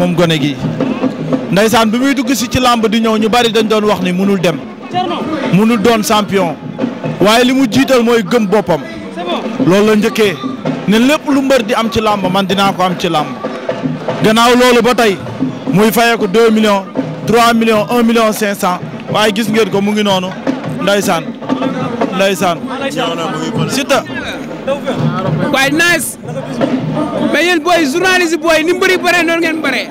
moom gone gi ndaysaan bi muy dugg si ci làmb di ñëw ñu bari dañ doon wax ni munul dem munul doon champion waaye li mu jiital mooy gëm boppam loolu la njëkkee ne lépp lu mbër di am ci làmb man dinaa ko am ci làmb gannaaw loolu ba tey muy fayeeku deux millions trois millions un million cinq cent waaye gis ngeen ko mu ngi noonu ndaysaan ndaysaan Siteu waaye nice mais yéen booy journaliste booy ni mu bëri bëree noonu ngeen bëree.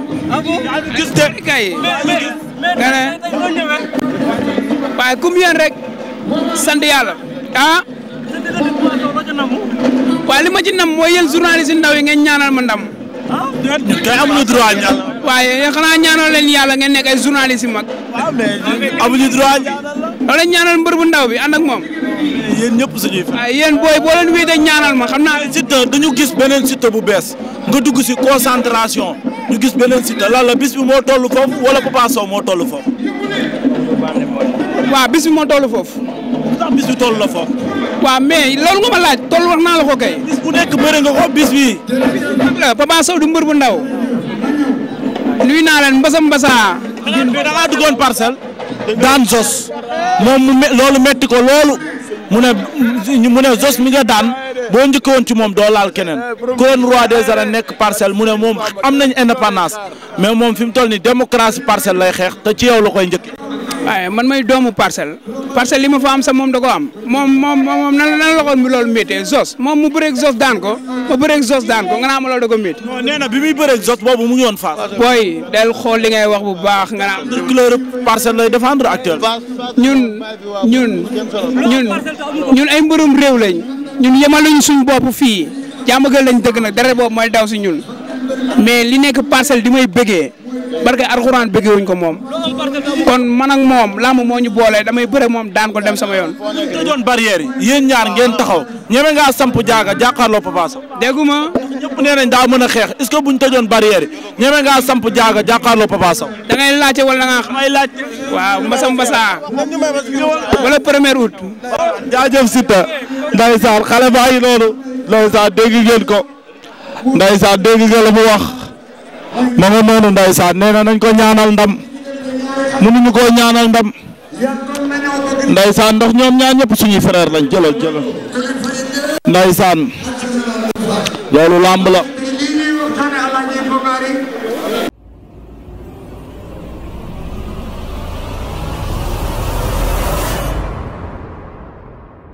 ak kay. rek sant yàlla ah. waaye li ma ci nam mooy yéen journaliste ndaw yi ngeen ñaanal ma ndam. kay amuñu droit ñaan. waaye xanaa ñaanal leen yàlla ngeen nekk ay journaliste loolu lañ ñaanal mbër bu ndaw bi ànd ak moom. yéen ñëpp suñuy fan. waaw yéen booy boo leen wéetee ñaanal ma xam naa. Siteu dañu gis beneen Siteu bu bees nga dugg si concentration ñu gis beneen Siteu lan bis bi moo toll foofu wala Papa moo toll foofu. waaw bis bi moo toll foofu. ndax bis bi toll la foofu. waaw mais loolu nga ma laaj toll wax naa la ko kay. bu nekk bëre nga ko bis bi Papa du mbër bu ndaw. nuyu naa leen mbasa mbasa. da duggoon parcelle. daan Zos moom mu loolu metti ko loolu mu ne mu ne Zos mi nga daan boo njëkkoon ci moom doo laal keneen kon roi des arènes nekk parcelle mu ne moom am nañ indépendance mais moom fi mu toll nii démocratie parcelle lay xeex te ci yow la koy njëkk. waaye man may doomu parcelle parcelle li ma fa am sax moom da ko am moom moom moom nan nan la ko loolu méttee zos moom mu bëreeg zos daan ko ma bëreeg zos daan ko nga naa ma loolu da ko métti. non nee na bi mu bëreeg zos boobu mu ngi woon Fass. booy del xool li ngay wax bu baax nga naan. de couleur parcelle lay défendre actuellement. ñun ñun ñun ñun ay mbërum réew lañ ñun yemaluñ suñ bopp fii jàmm gën lañ dëgg nag dara boobu mooy daw si ñun mais li nekk parcelle di may bëggee. barke alxuraan bëggee wuñ ko moom kon man ak moom làmb moo ñu boole damay bëre moom daan ko dem sama yoon. ñu doon barrière yi yéen ñaar ngeen taxaw ñeme ngaa samp jaaga jàkkaarloo Papa Sow. dégguma. ñëpp nee nañ a xeex est ce que buñ tëjoon barrière yi ñeme ngaa samp jaaga jàkkaarloo Papa Sow. da ngay laajte wala da ngaa xam. may laaj waaw mbasa mbasa. wala premier août. jaajëf Siteu. ndeysaan xale baa yi noonu. ndeysaan dégg ngeen ko. ndeysaan dégg ngeen la mu wax. ma nga noonu ndeysaan nee ko ñaanal ndam mënuñu koo ñaanal ndam ndeysaan ndax ñoom ñaar ñëpp suñuy frère lañ jëlal jëlal ndeysaan loolu làmb la